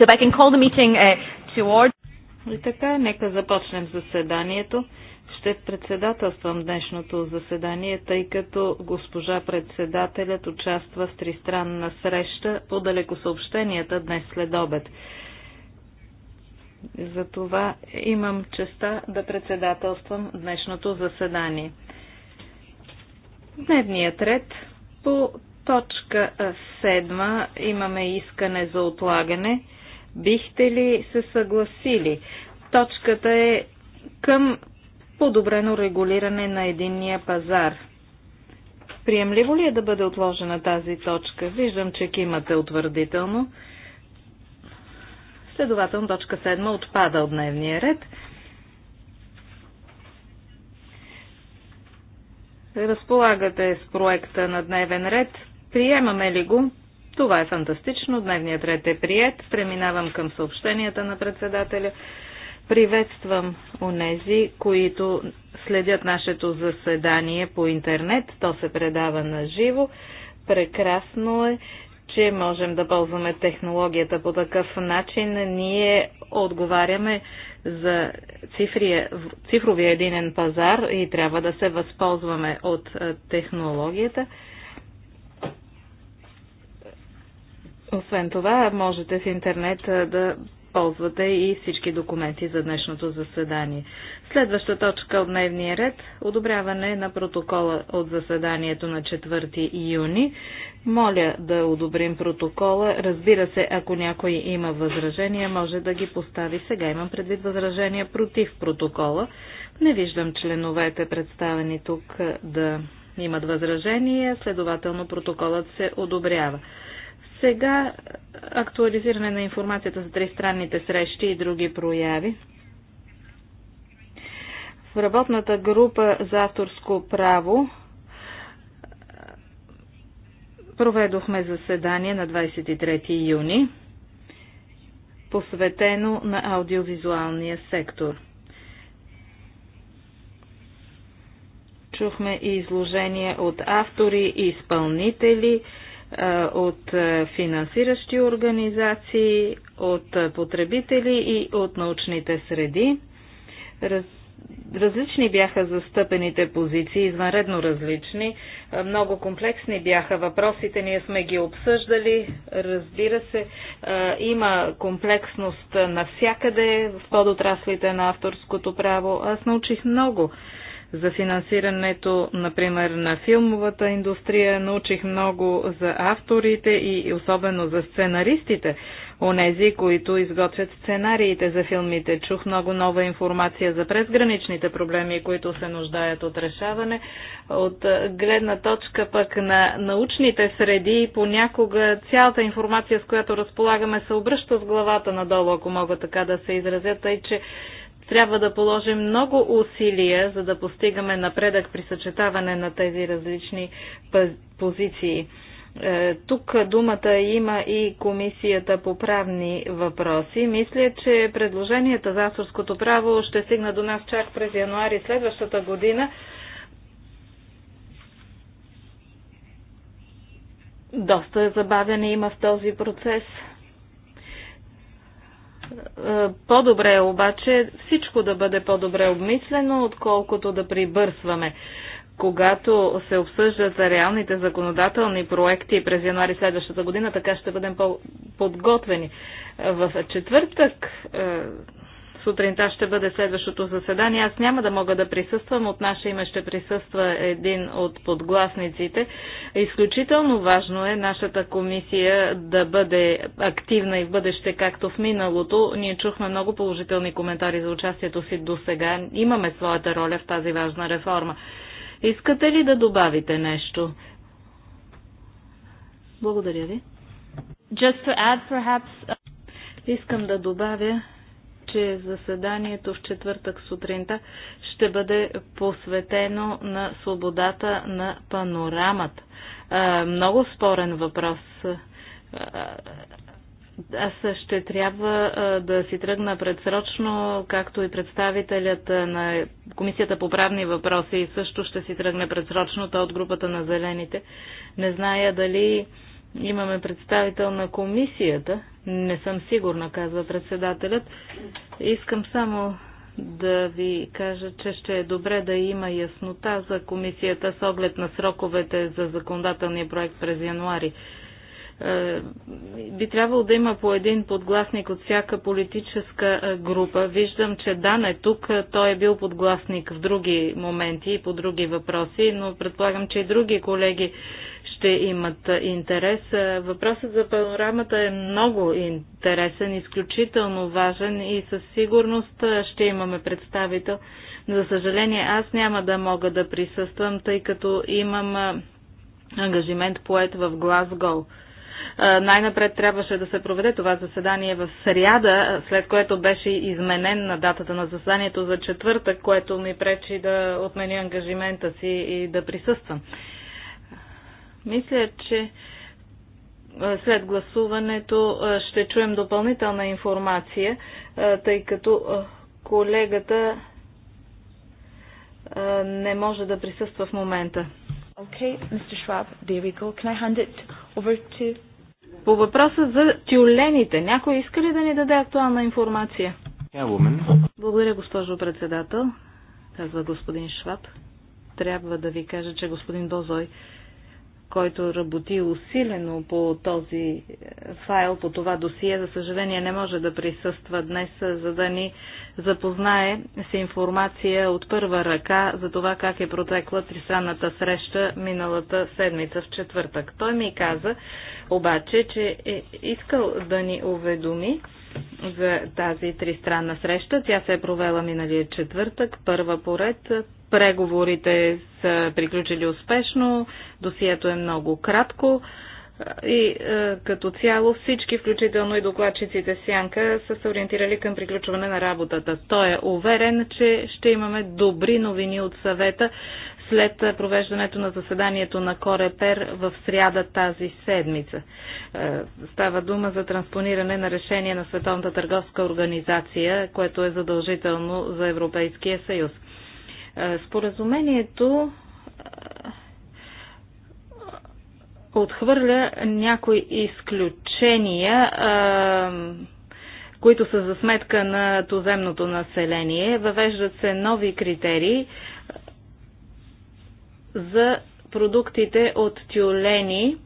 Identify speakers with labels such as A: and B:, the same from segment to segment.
A: So if I can call the meeting uh, to order. И така, нека започнем заседанието. Ще председателствам днешното заседание, тъй като госпожа председателят участва в тристранна среща по далекосъобщенията днес след обед. Затова имам честа да председателствам днешното заседание. Дневният ред по точка 7 имаме искане за отлагане – Бихте ли се съгласили? Точката е към подобрено регулиране на единния пазар. Приемливо ли е да бъде отложена тази точка? Виждам, че кимате утвърдително. Следователно точка 7 отпада от дневния ред. Разполагате с проекта на дневен ред. Приемаме ли го? Това е фантастично. Дневният ред е прият. Преминавам към съобщенията на председателя. Приветствам онези, които следят нашето заседание по интернет. То се предава на живо. Прекрасно е, че можем да ползваме технологията по такъв начин. Ние отговаряме за цифрия, цифровия единен пазар и трябва да се възползваме от технологията. Освен това, можете в интернет да ползвате и всички документи за днешното заседание. Следваща точка от дневния ред – одобряване на протокола от заседанието на 4 юни. Моля да одобрим протокола. Разбира се, ако някой има възражения, може да ги постави сега. Имам предвид възражения против протокола. Не виждам членовете представени тук да имат възражения, следователно протоколът се одобрява. Сега е, актуализиране на информацията за тристранните срещи и други прояви. В работната група за авторско право е, проведохме заседание на 23 юни, посветено на аудиовизуалния сектор. Чухме и изложения от автори и изпълнители, е, от е, финансиращи организации, от е, потребители и от научните среди. Раз, различни бяха застъпените позиции, извънредно различни. Много комплексни бяха въпросите, ние сме ги обсъждали. Разбира се, има комплексност навсякъде в подотраслите на авторското право. Аз научих много за финансирането, например, на филмовата индустрия. Научих много за авторите и особено за сценаристите, онези, които изготвят сценариите за филмите. Чух много нова информация за презграничните проблеми, които се нуждаят от решаване. От гледна точка пък на научните среди, понякога цялата информация, с която разполагаме, се обръща с главата надолу, ако мога така да се изразя, тъй че трябва да положим много усилия, за да постигаме напредък при съчетаване на тези различни позиции. Е, тук думата има и Комисията по правни въпроси. Мисля, че предложенията за авторското право ще стигна до нас чак през януари следващата година. Доста забавяне има в този процес. Е, по-добре е обаче всичко да бъде по-добре обмислено, отколкото да прибърсваме. Когато се обсъждат за реалните законодателни проекти през януари следващата година, така ще бъдем по-подготвени. Е, в четвъртък е, Сутринта ще бъде следващото заседание. Аз няма да мога да присъствам. От наше име ще присъства един от подгласниците. Изключително важно е нашата комисия да бъде активна и в бъдеще, както в миналото. Ние чухме много положителни коментари за участието си до сега. Имаме своята роля в тази важна реформа. Искате ли да добавите нещо? Благодаря ви. Just to add, perhaps... Uh, Искам да добавя, че заседанието в четвъртък сутринта ще бъде посветено на свободата на панорамата. Много спорен въпрос. Аз ще трябва да си тръгна предсрочно, както и представителят на Комисията по правни въпроси също ще си тръгне предсрочно, от групата на зелените. Не зная дали Имаме представител на комисията. Не съм сигурна, казва председателят. Искам само да ви кажа, че ще е добре да има яснота за комисията с оглед на сроковете за законодателния проект през януари. Е, би трябвало да има по един подгласник от всяка политическа е, група. Виждам, че Дан е тук. Той е бил подгласник в други моменти и по други въпроси, но предполагам, че и други колеги ще имат интерес. Въпросът за панорамата е много интересен, изключително важен и със сигурност ще имаме представител. За съжаление, аз няма да мога да присъствам, тъй като имам ангажимент поет в Глазгол. Най-напред трябваше да се проведе това заседание в сряда, след което беше изменен на датата на заседанието за четвъртък, което ми пречи да отменя ангажимента си и да присъствам. Мисля, че след гласуването ще чуем допълнителна информация, тъй като колегата не може да присъства в момента. Okay, Mr. Schwab, there we go. Can I hand it over to... По въпроса за тюлените, някой иска ли да ни даде актуална информация?
B: Yeah,
A: Благодаря, госпожо председател, казва господин Шваб. Трябва да ви кажа, че господин Бозой който работи усилено по този е, файл, по това досие, за съжаление не може да присъства днес, за да ни запознае с информация от първа ръка за това как е протекла тристранната среща миналата седмица в четвъртък. Той ми каза обаче, че е искал да ни уведоми, за тази тристранна среща. Тя се е провела миналия четвъртък, първа поред Преговорите са приключили успешно, досието е много кратко и е, като цяло всички, включително и докладчиците Сянка, са се ориентирали към приключване на работата. Той е уверен, че ще имаме добри новини от съвета след провеждането на заседанието на Корепер в сряда тази седмица. Е, става дума за транспониране на решение на Световната търговска организация, което е задължително за Европейския съюз. Е, споразумението е, отхвърля някои изключения, е, които са за сметка на туземното население. Въвеждат се нови критерии за продуктите от тюлени,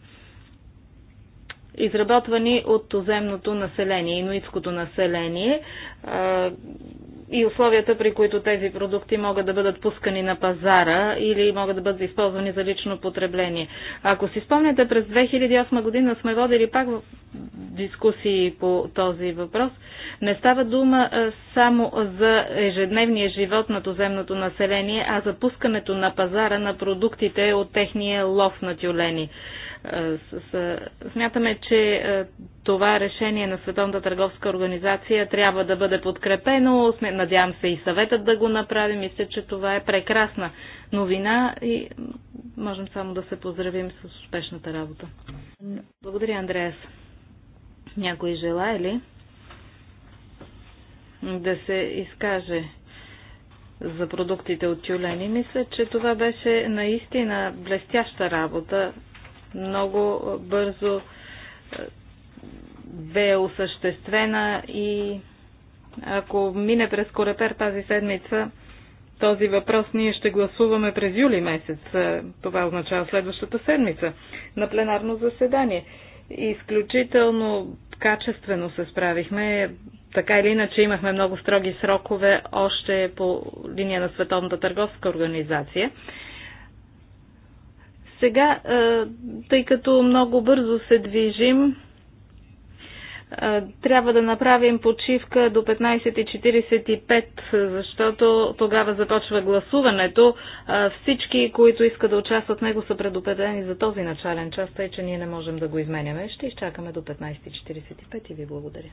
A: изработвани от туземното население, инуитското население и условията, при които тези продукти могат да бъдат пускани на пазара или могат да бъдат използвани за лично потребление. Ако си спомняте, през 2008 година сме водили пак дискусии по този въпрос. Не става дума само за ежедневния живот на туземното население, а за пускането на пазара на продуктите от техния лов на тюлени. Е, смятаме, че е, това решение на Световната търговска организация трябва да бъде подкрепено. Надявам се и съветът да го направи. Мисля, че това е прекрасна новина и можем само да се поздравим с успешната работа. Благодаря, Андреас. Някой желая ли да се изкаже? за продуктите от тюлени. Мисля, че това беше наистина блестяща работа много бързо е, бе осъществена и ако мине през Корепер тази седмица, този въпрос ние ще гласуваме през юли месец. Е, това означава следващата седмица на пленарно заседание. Изключително качествено се справихме. Така или иначе имахме много строги срокове още по линия на Световната търговска организация. Сега, е, тъй като много бързо се движим, е, трябва да направим почивка до 15.45, защото тогава започва гласуването. Е, всички, които искат да участват в него, са предупредени за този начален час, тъй че ние не можем да го изменяме. Ще изчакаме до 15.45 и ви благодаря.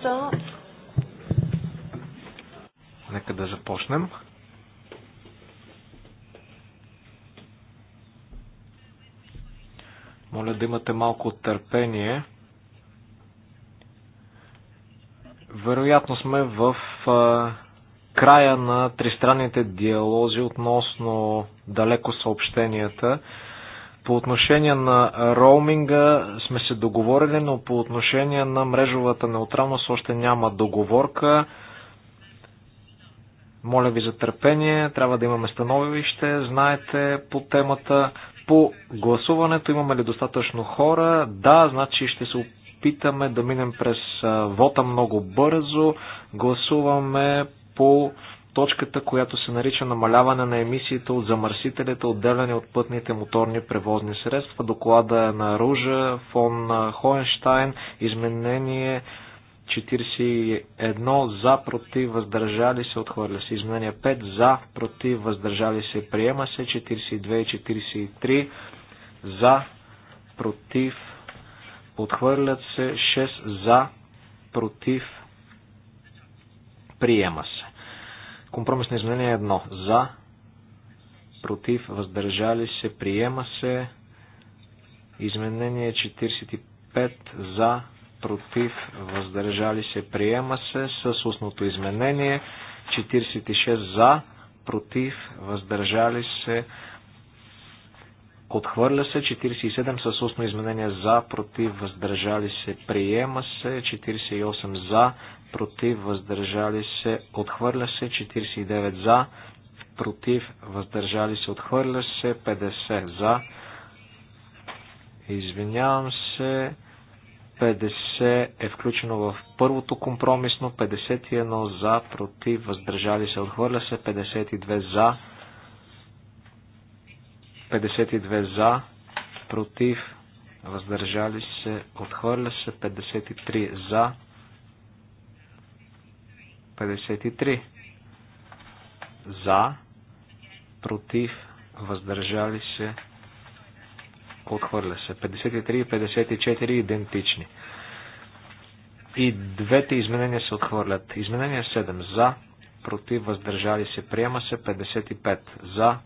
A: start?
B: Нека да започнем. Моля да имате малко търпение. Вероятно сме в а, края на тристранните диалози относно далеко съобщенията. По отношение на роуминга сме се договорили, но по отношение на мрежовата неутралност още няма договорка. Моля ви за търпение, трябва да имаме становище, знаете по темата. По гласуването имаме ли достатъчно хора? Да, значи ще се опитаме да минем през вота много бързо. Гласуваме по точката, която се нарича намаляване на емисиите от замърсителите, отделяне от пътните моторни превозни средства. Доклада е на Ружа, фон Хоенштайн, изменение 41 за, против, въздържали се, отхвърля се. Изменение 5 за, против, въздържали се, приема се. 42 и 43 за, против, отхвърлят се. 6 за, против, приема се. Компромисно изменение едно. За, против, въздържали се, приема се. Изменение 45 за, против, въздържали се, приема се с устното изменение. 46 за, против, въздържали се, Отхвърля се 47 с устно изменение за, против, въздържали се, приема се 48 за, против, въздържали се, отхвърля се 49 за, против, въздържали се, отхвърля се 50 за. Извинявам се, 50 е включено в първото компромисно, 51 за, против, въздържали се, отхвърля се, 52 за, 52 за, против, въздържали се, отхвърля се 53 за, 53 за, против, въздържали се, отхвърля се. 53 и 54 идентични. И двете изменения се отхвърлят. Изменение 7 за, против, въздържали се, приема се 55 за,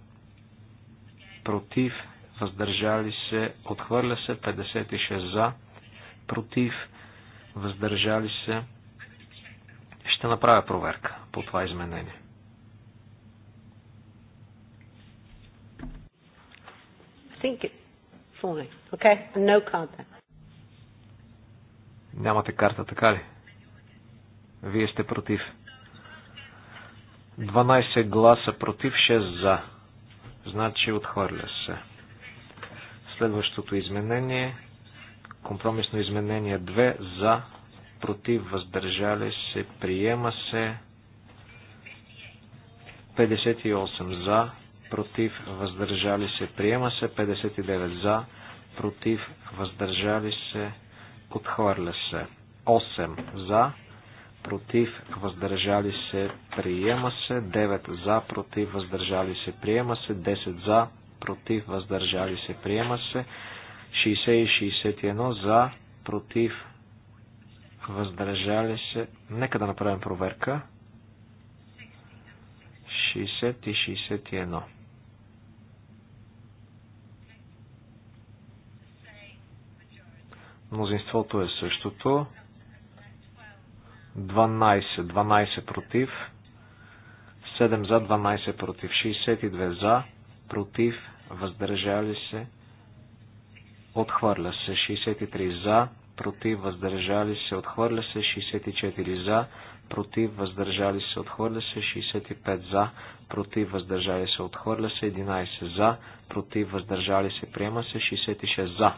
B: против, въздържали се, отхвърля се 56 за, против, въздържали се. Ще направя проверка по това изменение.
C: Okay. No
B: Нямате карта, така ли? Вие сте против. 12 гласа против, 6 за. Значи отхвърля се. Следващото изменение, компромисно изменение 2, за, против, въздържали се, приема се. 58 за, против, въздържали се, приема се. 59 за, против, въздържали се, отхвърля се. 8 за, против, въздържали се, приема се, 9 за, против, въздържали се, приема се, 10 за, против, въздържали се, приема се, 60 и 61 за, против, въздържали се. Нека да направим проверка. 60 и 61. Мнозинството е същото. 12, 12 против, 7 за, 12 против, 62 за, против, въздържали се, отхвърля се, 63 за, против, въздържали се, отхвърля се, 64 за, против, въздържали се, отхвърля се, 65 за, против, въздържали се, отхвърля се, 11 за, против, въздържали се, приема се, 66 за,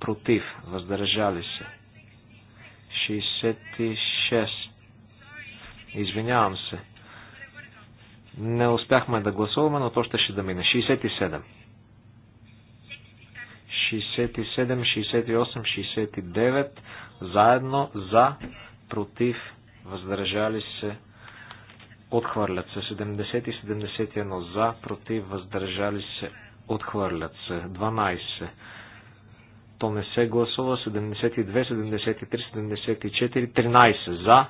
B: против, въздържали се, 66. Извинявам се. Не успяхме да гласуваме, но то ще ще да мине. 67. 67, 68, 69. Заедно за, против, въздържали се, отхвърлят се. 70 и 71 за, против, въздържали се, отхвърлят се. 12 то не се гласува. 72, 73, 74, 13 за,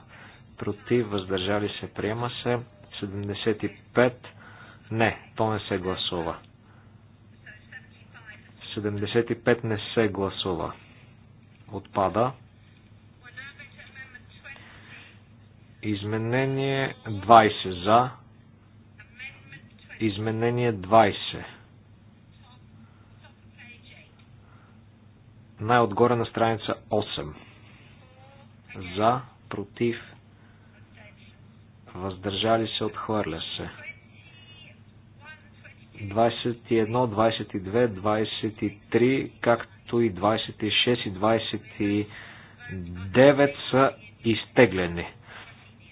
B: против, въздържали се, приема се. 75 не, то не се гласува. 75 не се гласува. Отпада. Изменение 20 за. Изменение 20. най-отгоре на страница 8. За, против, въздържали се, отхвърля се. 21, 22, 23, както и 26 и 29 са изтеглени.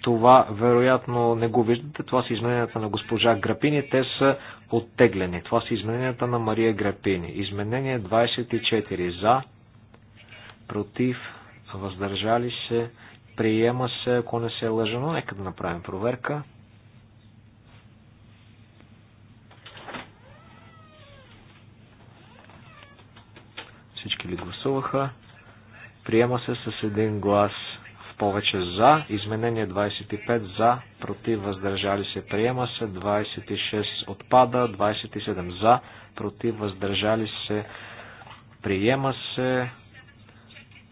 B: Това вероятно не го виждате. Това са измененията на госпожа Грапини. Те са оттеглени. Това са измененията на Мария Грапини. Изменение 24 за, против, въздържали се, приема се, ако не се е лъжено, нека да направим проверка. Всички ли гласуваха? Приема се с един глас в повече за. Изменение 25 за, против, въздържали се. Приема се 26 отпада, 27 за, против, въздържали се. Приема се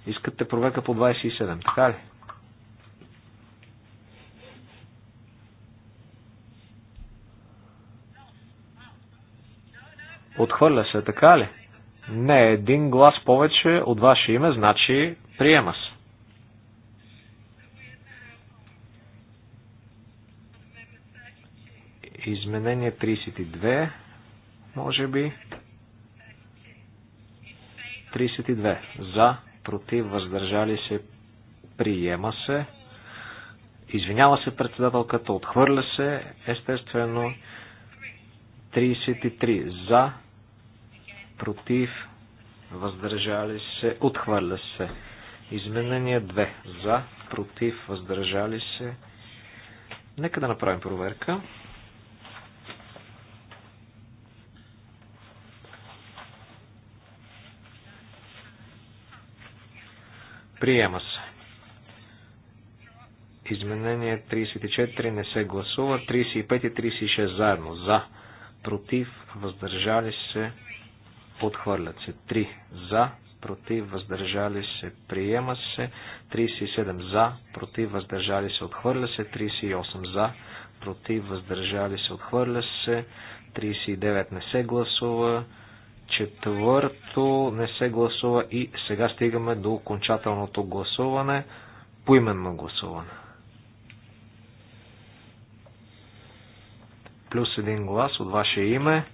B: Искате проверка по 27, така ли? Отхвърля се, така ли? Не, един глас повече от ваше име, значи приема се. Изменение 32, може би. 32. За против, въздържали се, приема се. Извинява се председателката, отхвърля се, естествено. 33 за, против, въздържали се, отхвърля се. Изменение 2 за, против, въздържали се. Нека да направим проверка. Приема се. Изменение 34 не се гласува. 35 и 36 заедно. За. Против. Въздържали се. Отхвърлят се. 3. За. Против. Въздържали се. Приема се. 37. За. Против. Въздържали се. Отхвърля се. 38. За. Против. Въздържали се. Отхвърля се. 39 не се гласува. Четвърто не се гласува и сега стигаме до окончателното гласуване, поименно гласуване. Плюс един глас от ваше име.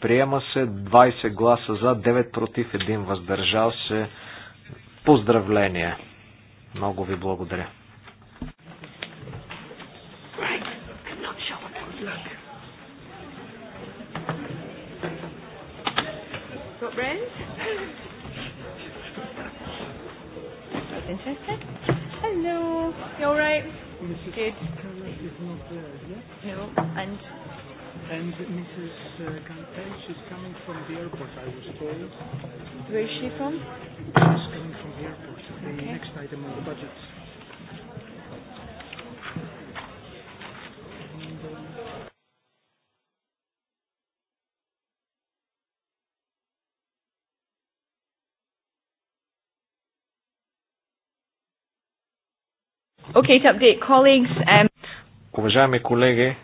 B: Приема се 20 гласа за, 9 против, 1 въздържал се. Поздравление! Много ви благодаря!
D: did. is not there yet. No, and. And Mrs. Gantel, she's coming from the airport, I was told. Where is she from? She's coming from the airport, the okay. next item on the budget.
B: Okay,
A: to update colleagues.
C: Um...
B: Уважаеми колеги,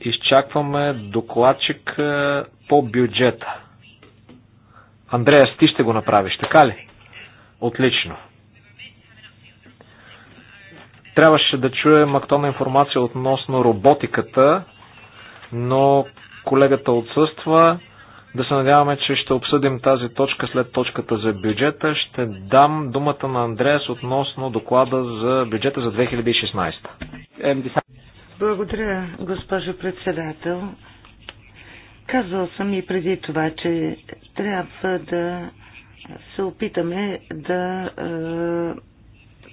B: изчакваме докладчик е, по бюджета. Андреас, ти ще го направиш, така ли? Отлично. Трябваше да чуем актуална информация относно роботиката, но колегата отсъства. Да се надяваме, че ще обсъдим тази точка след точката за бюджета. Ще дам думата на Андреас относно доклада за бюджета за 2016.
C: Благодаря, госпожо председател. Казвал съм и преди това, че трябва да се опитаме да е,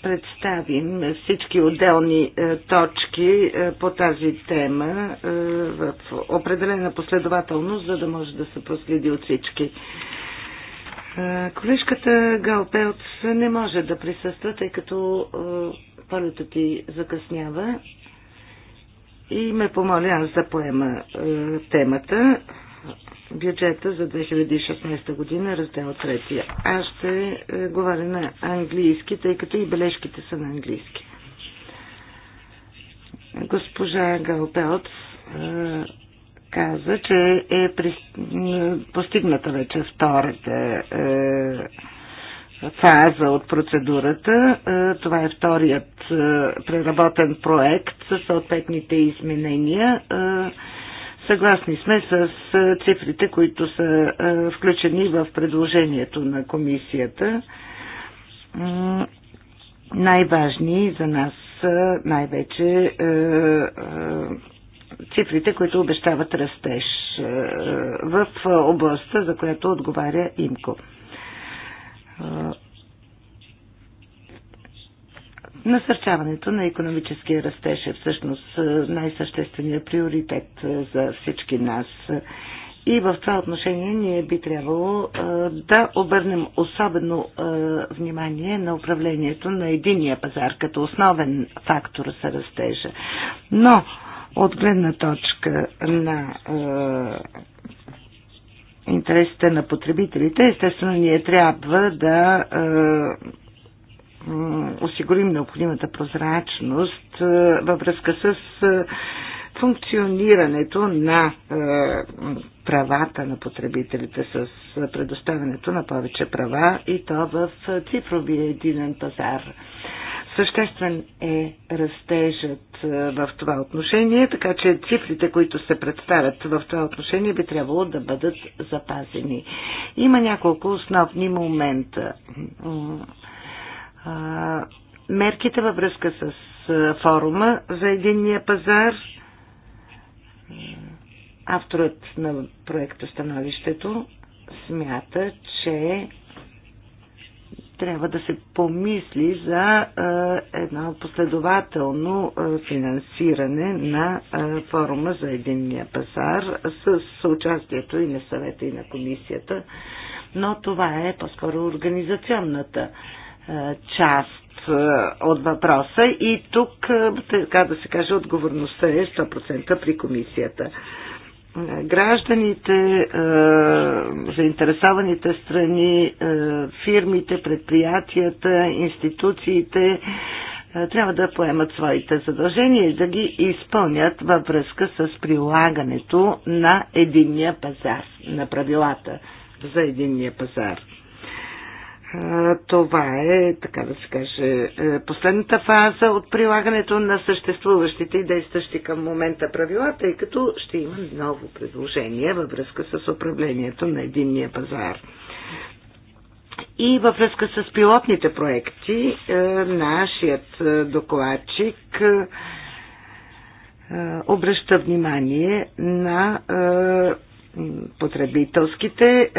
C: представим всички отделни е, точки е, по тази тема е, в определена последователност, за да може да се проследи от всички. Колежката Галпелц не може да присъства, тъй като полето ти закъснява и ме помоля аз да поема темата бюджета за 2016 година, раздел 3. Аз ще е, говоря на английски, тъй като и бележките са на английски. Госпожа Галпелт е, каза, че е постигната вече втората е, фаза от процедурата. Това е вторият преработен проект с съответните изменения. Съгласни сме с цифрите, които са включени в предложението на комисията. Най-важни за нас са най-вече цифрите, които обещават растеж в областта, за която отговаря ИМКО. Насърчаването на економическия растеж е всъщност е, най-същественият приоритет е, за всички нас. И в това отношение ние би трябвало е, да обърнем особено внимание на управлението на единия пазар като основен фактор за растежа. Но от гледна точка на интересите на потребителите, естествено ние трябва да осигурим необходимата прозрачност е, във връзка с е, функционирането на е, правата на потребителите с предоставянето на повече права и то в цифровия единен пазар. Съществен е растежът в това отношение, така че цифрите, които се представят в това отношение, би трябвало да бъдат запазени. Има няколко основни момента мерките във връзка с форума за единния пазар. Авторът на проекта Становището смята, че трябва да се помисли за едно последователно финансиране на форума за единния пазар с участието и на съвета и на комисията, но това е по-скоро организационната е, част е, от въпроса и тук, е, така да се каже, отговорността е 100% при комисията. Гражданите, заинтересованите страни, фирмите, предприятията, институциите, трябва да поемат своите задължения и да ги изпълнят във връзка с прилагането на единния пазар, на правилата за единния пазар това е, така да се каже, е, последната фаза от прилагането на съществуващите и действащи към момента правила, тъй като ще има ново предложение във връзка с управлението на единния пазар. И във връзка с пилотните проекти, е, нашият е, докладчик обръща внимание на потребителските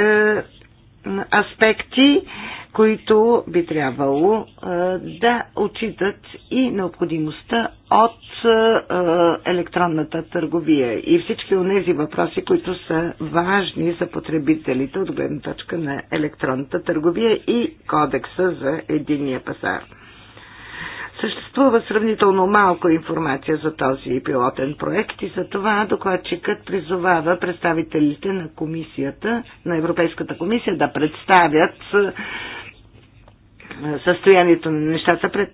C: аспекти, които би трябвало е, да отчитат и необходимостта от е, електронната търговия и всички от тези въпроси, които са важни за потребителите от гледна точка на електронната търговия и кодекса за единния пазар. Съществува сравнително малко информация за този пилотен проект и за това докладчикът призовава представителите на комисията, на Европейската комисия да представят състоянието на нещата пред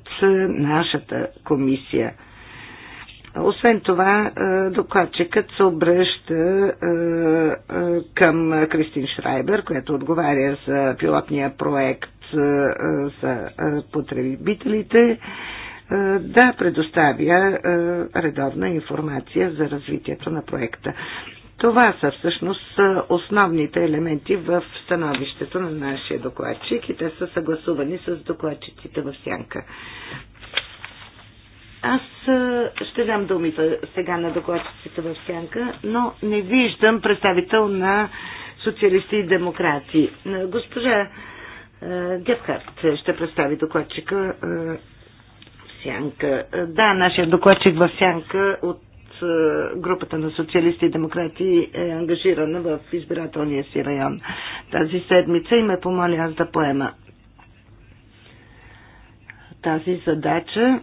C: нашата комисия. Освен това, докладчикът се обръща към Кристин Шрайбер, която отговаря за пилотния проект е, е, за е, потребителите да предоставя редовна информация за развитието на проекта. Това са всъщност основните елементи в становището на нашия докладчик и те са съгласувани с докладчиците в Сянка. Аз ще дам думите сега на докладчиците в Сянка, но не виждам представител на социалисти и демократи. Госпожа Гепхарт ще представи докладчика Сянка. Да, нашия докладчик в Сянка от групата на социалисти и демократи е ангажирана в избирателния си район тази седмица и ме помоли аз да поема тази задача.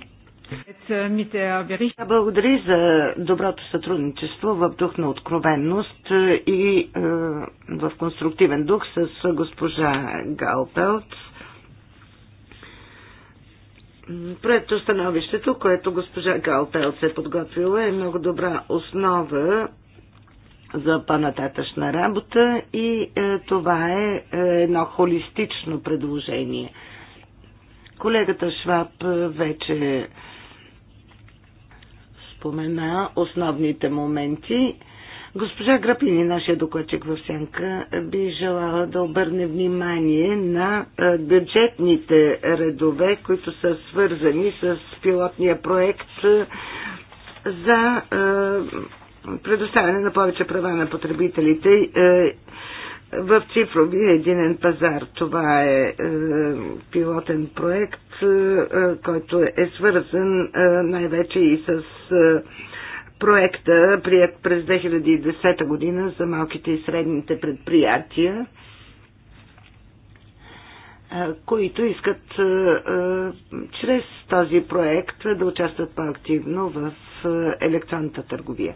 C: Благодаря за доброто сътрудничество в дух на откровенност и е, в конструктивен дух с госпожа Галпелт. Проекто становището, което госпожа Галпелт е подготвила, е много добра основа за по-нататъчна работа и е, това е, е едно холистично предложение. Колегата Шваб е, вече спомена основните моменти. Госпожа Грапини, нашия докладчик в Сянка, би желала да обърне внимание на бюджетните редове, които са свързани с пилотния проект за предоставяне на повече права на потребителите в цифровия единен пазар. Това е, е пилотен проект, е, е, който е свързан е, най-вече и с е, проекта, прият през 2010 година за малките и средните предприятия е, които искат е, чрез този проект да участват по-активно в електронната търговия.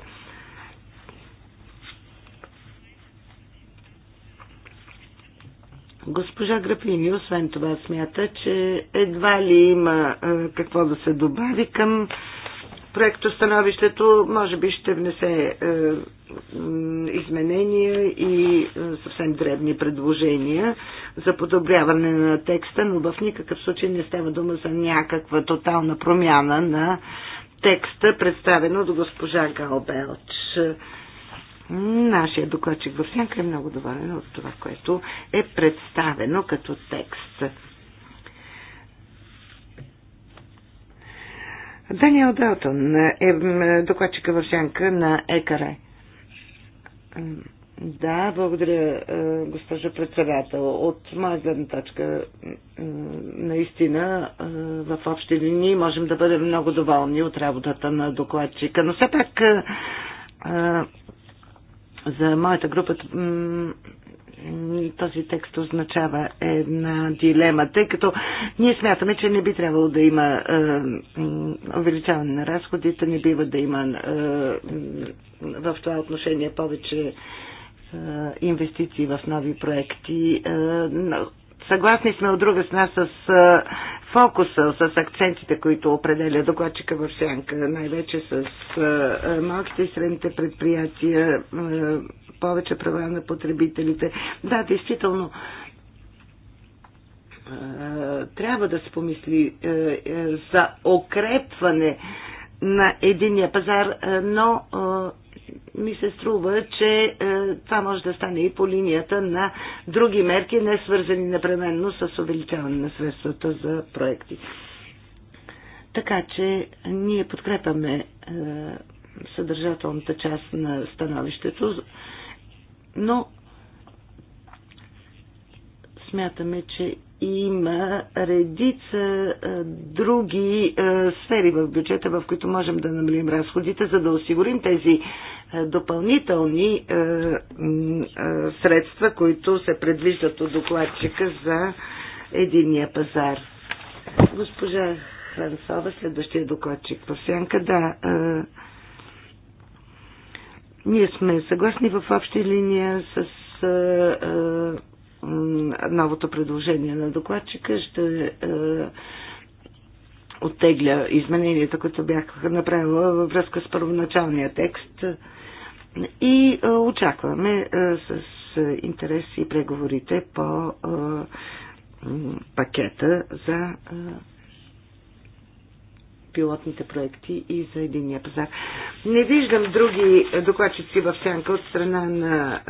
C: Госпожа Графини, освен това, смята, че едва ли има е, какво да се добави към проектостановището. Може би ще внесе е, изменения и е, съвсем дребни предложения за подобряване на текста, но в никакъв случай не става дума за някаква тотална промяна на текста, представен от госпожа Галбелч Нашия докладчик в сянка е много доволен от това, което е представено като текст. Даниел Далтон е докладчика в сянка на ЕКАРЕ. Да, благодаря, е, госпожо председател. От моя гледна точка, наистина, е, в общи линии можем да бъдем много доволни от работата на докладчика, но все пак е, за моята група този текст означава една дилема, тъй като ние смятаме, че не би трябвало да има е, увеличаване на разходите, не бива да има е, в това отношение повече е, инвестиции в нови проекти. съгласни сме от друга страна с фокуса, с акцентите, които определя докладчика в сянка, най-вече с малките и средните предприятия, повече права на потребителите. Да, действително, трябва да се помисли за укрепване на единия пазар, е, но е, ми се струва, че е, това може да стане и по линията на други мерки, не свързани непременно с увеличаване на средствата за проекти. Така че ние подкрепяме съдържателната част на становището, но смятаме, че има редица други сфери в бюджета, в които можем да намалим разходите, за да осигурим тези допълнителни средства, които се предвиждат от докладчика за единия пазар. Госпожа Хансова, следващия докладчик в Сянка, да. Ние сме съгласни в общи линия с новото предложение на докладчика. Ще е, оттегля измененията, които бях направила във връзка с първоначалния текст. И е, очакваме е, с интерес и преговорите по пакета за пилотните проекти и за единия пазар. Не виждам други докладчици в сянка от страна на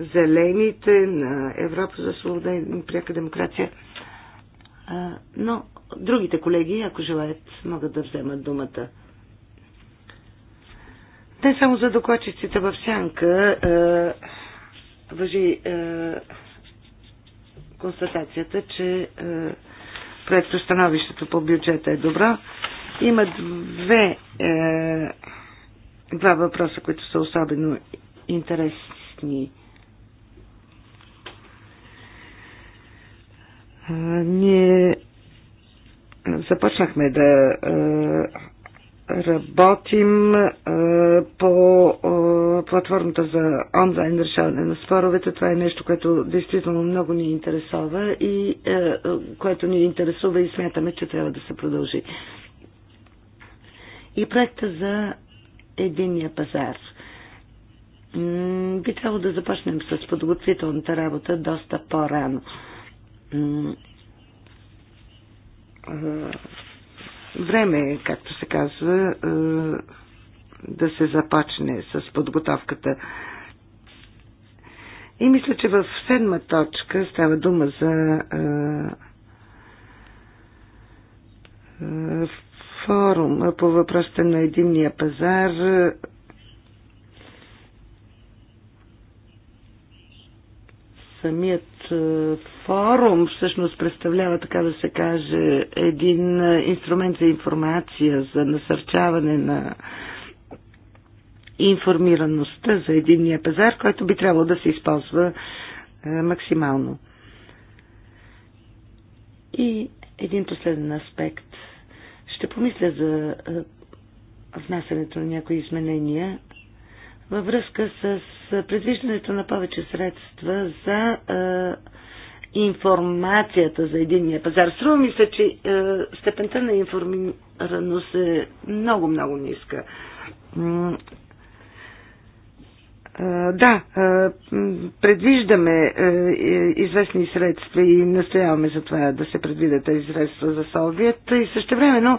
C: зелените, на Европа за свобода и пряка демокрация. Но другите колеги, ако желаят, могат да вземат думата. Не само за докладчиците в сянка въжи констатацията, че е, проектостановището по бюджета е добро. Има две, два въпроса, които са особено интересни ние започнахме да работим по платформата за онлайн решаване на споровете. Това е нещо, което действително много ни интересува и което ни интересува и смятаме, че трябва да се продължи. И проекта за единния пазар. Би трябвало да започнем с подготвителната работа доста по-рано време е, както се казва, е, да се започне с подготовката. И мисля, че в седма точка става дума за е, е, форум по въпросите на единния пазар. Самият е, форум всъщност представлява, така да се каже, един е, инструмент за информация, за насърчаване на информираността за единния пазар, който би трябвало да се използва е, максимално. И един последен аспект. Ще помисля за внасянето на някои изменения във връзка с предвиждането на повече средства за е, информацията за единния пазар. Струва ми се, че е, степента на информираност е много-много ниска. Да, предвиждаме известни средства и настояваме за това да се предвидят тези средства за Солвият и също време, но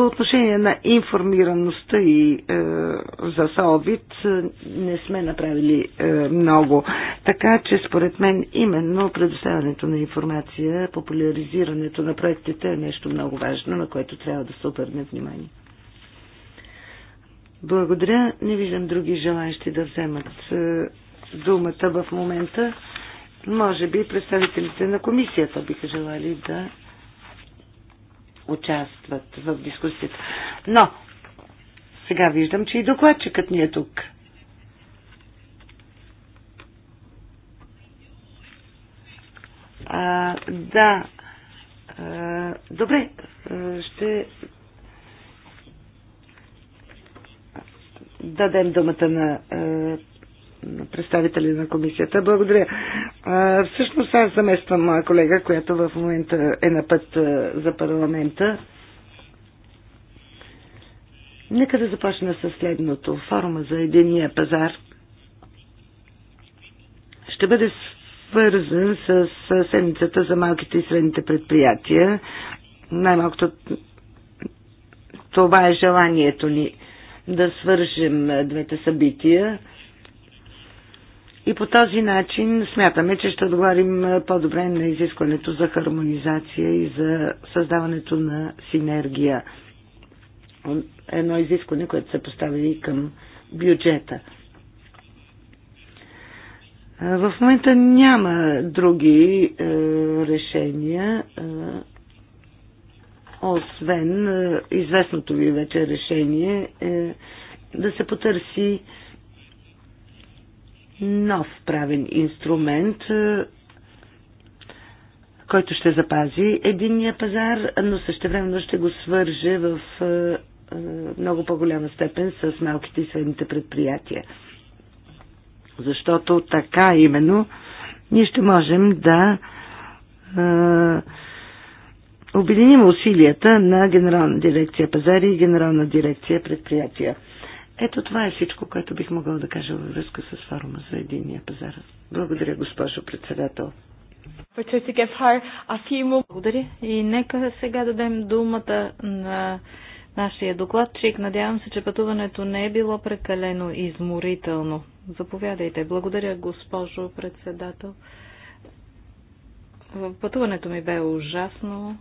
C: по отношение на информираността и е, за Солвит е, не сме направили е, много. Така че според мен именно предоставянето на информация, популяризирането на проектите е нещо много важно, на което трябва да се обърне внимание. Благодаря. Не виждам други желаящи да вземат е, думата в момента. Може би представителите на комисията биха желали да участват в дискусията. Но, сега виждам, че и докладчикът ни е тук. А, да. А, добре, а, ще дадем думата на а, представители на комисията. Благодаря. А, всъщност аз замествам моя колега, която в момента е на път а, за парламента. Нека да започна с следното. Форума за единия пазар ще бъде свързан с седмицата за малките и средните предприятия. Най-малкото това е желанието ни да свържем двете събития. И по този начин смятаме, че ще отговорим по-добре на изискването за хармонизация и за създаването на синергия. Едно изискване, което се поставя и към бюджета. В момента няма други е, решения, е, освен е, известното ви вече решение е, да се потърси нов правен инструмент, е, който ще запази единния пазар, но времено ще го свърже в е, е, много по-голяма степен с малките и средните предприятия. Защото така именно ние ще можем да обединим усилията на Генерална дирекция пазари и Генерална дирекция предприятия. Ето това е всичко, което бих могъл да кажа във връзка с форума за единния пазар. Благодаря, госпожо председател.
A: Благодаря. И нека сега дадем думата на нашия докладчик. Надявам се, че пътуването не е било прекалено изморително. Заповядайте. Благодаря, госпожо председател. Пътуването ми бе ужасно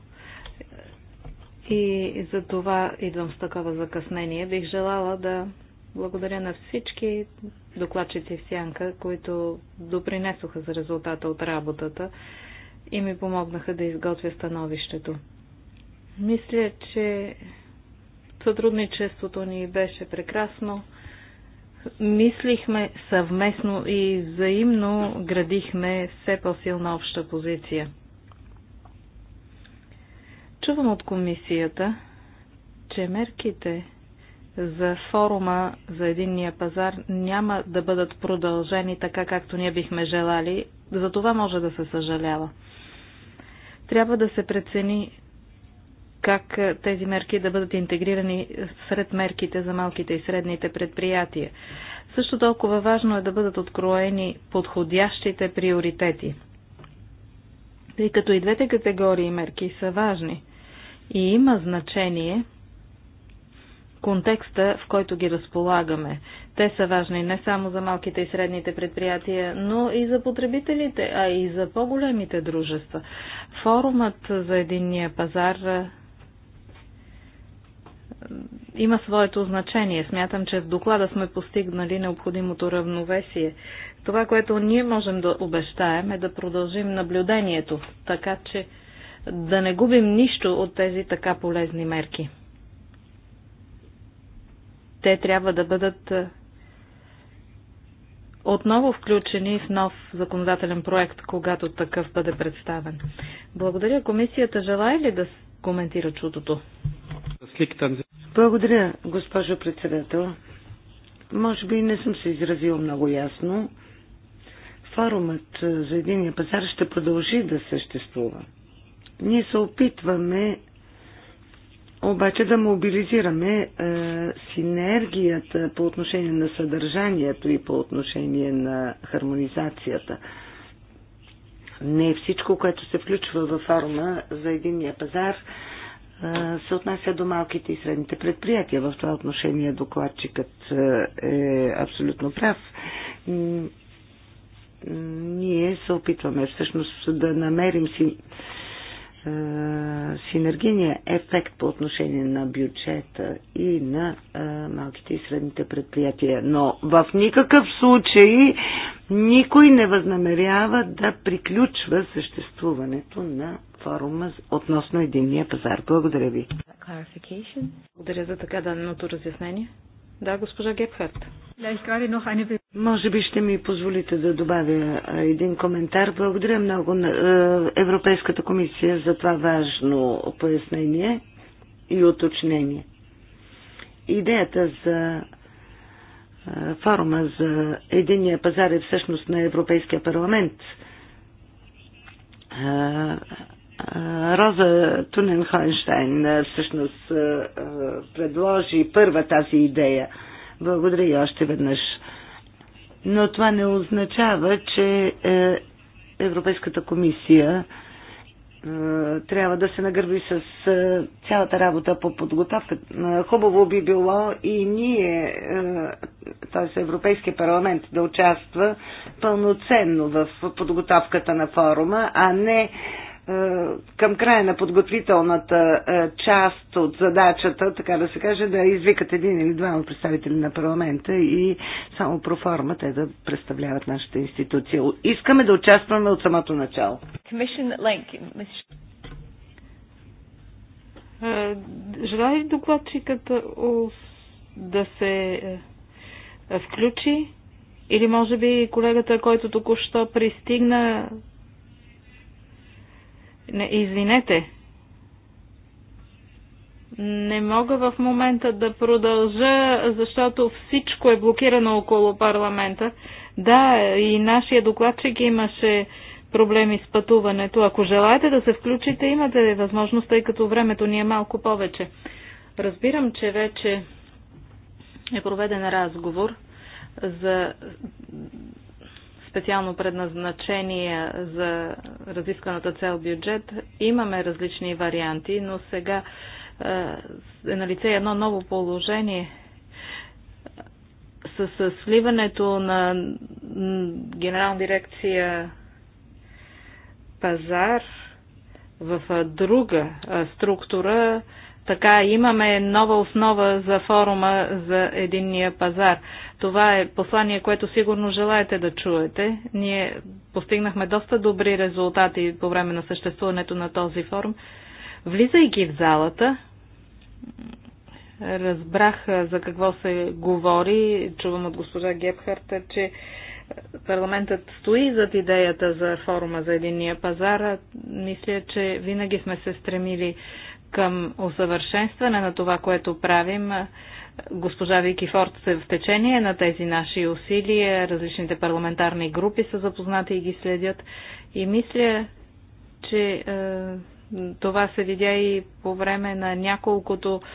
A: и за това идвам с такова закъснение. Бих желала да благодаря на всички докладчици в Сянка, които допринесоха за резултата от работата и ми помогнаха да изготвя становището. Мисля, че сътрудничеството ни беше прекрасно. Мислихме съвместно и взаимно градихме все по-силна обща позиция. Чувам от комисията, че мерките, за форума за единния пазар няма да бъдат продължени така, както ние бихме желали. За това може да се съжалява. Трябва да се прецени как тези мерки да бъдат интегрирани сред мерките за малките и средните предприятия. Също толкова важно е да бъдат откроени подходящите приоритети. Тъй като и двете категории мерки са важни и има значение – контекста, в който ги разполагаме. Те са важни не само за малките и средните предприятия, но и за потребителите, а и за по-големите дружества. Форумът за единния пазар има своето значение. Смятам, че в доклада сме постигнали необходимото равновесие. Това, което ние можем да обещаем е да продължим наблюдението, така че да не губим нищо от тези така полезни мерки те трябва да бъдат е, отново включени в нов законодателен проект, когато такъв бъде представен. Благодаря. Комисията желая ли да коментира чутото?
C: Благодаря, госпожо председател. Може би не съм се изразил много ясно. Форумът е, за единия пазар ще продължи да съществува. Ние се опитваме обаче да мобилизираме е, синергията по отношение на съдържанието и по отношение на хармонизацията. Не всичко, което се включва във форума за единния пазар, е, се отнася до малките и средните предприятия. В това отношение докладчикът е, е абсолютно прав. Ние се опитваме всъщност да намерим си е, синергийния ефект по отношение на бюджета и на е, малките и средните предприятия. Но в никакъв случай никой не възнамерява да приключва съществуването на форума относно единния пазар. Благодаря ви.
A: Благодаря за така даденото разяснение. Да, госпожа Гепхарт.
C: Може би ще ми позволите да добавя един коментар. Благодаря много на Европейската комисия за това важно пояснение и уточнение. Идеята за форума за единия пазар е всъщност на Европейския парламент Роза Туненхайнштайн всъщност предложи първа тази идея. Благодаря и още веднъж. Но това не означава, че е, Европейската комисия е, трябва да се нагърби с е, цялата работа по подготовка. Хубаво би било и ние, т.е. Европейския парламент, да участва пълноценно в подготовката на форума, а не е, към края на подготвителната е, част от задачата, така да се каже, да извикат един или двама представители на парламента и само про форма те да представляват нашата институция. Искаме да участваме от самото начало.
A: Е, желая ли докладчикът да се включи? Или може би колегата, който току-що пристигна, не, извинете. Не мога в момента да продължа, защото всичко е блокирано около парламента. Да, и нашия докладчик имаше проблеми с пътуването. Ако желаете да се включите, имате възможност, тъй като времето ни е малко повече. Разбирам, че вече е проведен разговор за специално предназначение за разисканата цел бюджет, имаме различни варианти, но сега е, е на лице едно ново положение с сливането на генерална дирекция пазар в е, друга е, структура, така имаме нова основа за форума за единния пазар. Това е послание, което сигурно желаете да чуете. Ние постигнахме доста добри резултати по време на съществуването на този форум. Влизайки в залата, разбрах за какво се говори. Чувам от госпожа Гепхарта, че парламентът стои зад идеята за форума за единния пазар. Мисля, че винаги сме се стремили към усъвършенстване на това, което правим. Госпожа Вики Форд се в течение на тези наши усилия. Различните парламентарни групи са запознати и ги следят. И мисля, че е, това се видя и по време на няколкото е,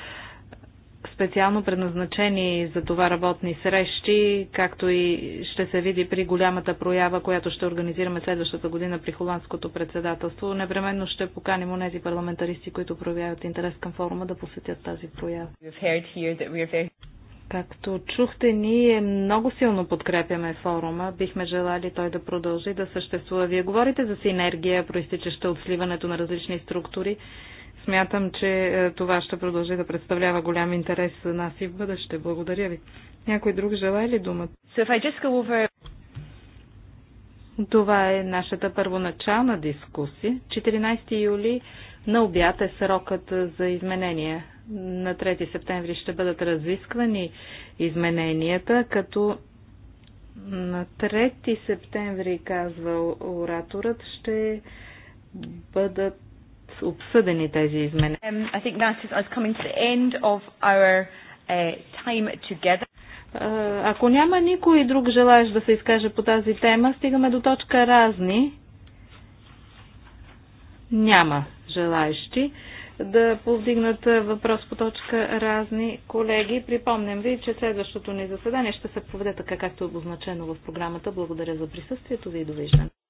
A: специално предназначени за това работни срещи, както и ще се види при голямата проява, която ще организираме следващата година при холандското председателство. Непременно ще поканим онези парламентаристи, които проявяват интерес към форума да посетят тази проява. Както чухте, ние много силно подкрепяме форума. Бихме желали той да продължи да съществува. Вие говорите за синергия, проистичаща от сливането на различни структури. Смятам, че е, това ще продължи да представлява голям интерес за нас и в бъдеще. Благодаря ви. Някой друг желая ли думата? So това е нашата първоначална дискусия. 14 юли на обяд е срокът за изменения. На 3 септември ще бъдат разисквани измененията, като на 3 септември, казва ораторът, ще бъдат обсъдени тези изменения. Um, uh, ако няма никой друг желаещ да се изкаже по тази тема, стигаме до точка разни. Няма желаещи да повдигнат въпрос по точка разни колеги. Припомням ви, че следващото ни заседание ще се проведе така,
C: както е обозначено в програмата. Благодаря за присъствието ви и довиждане.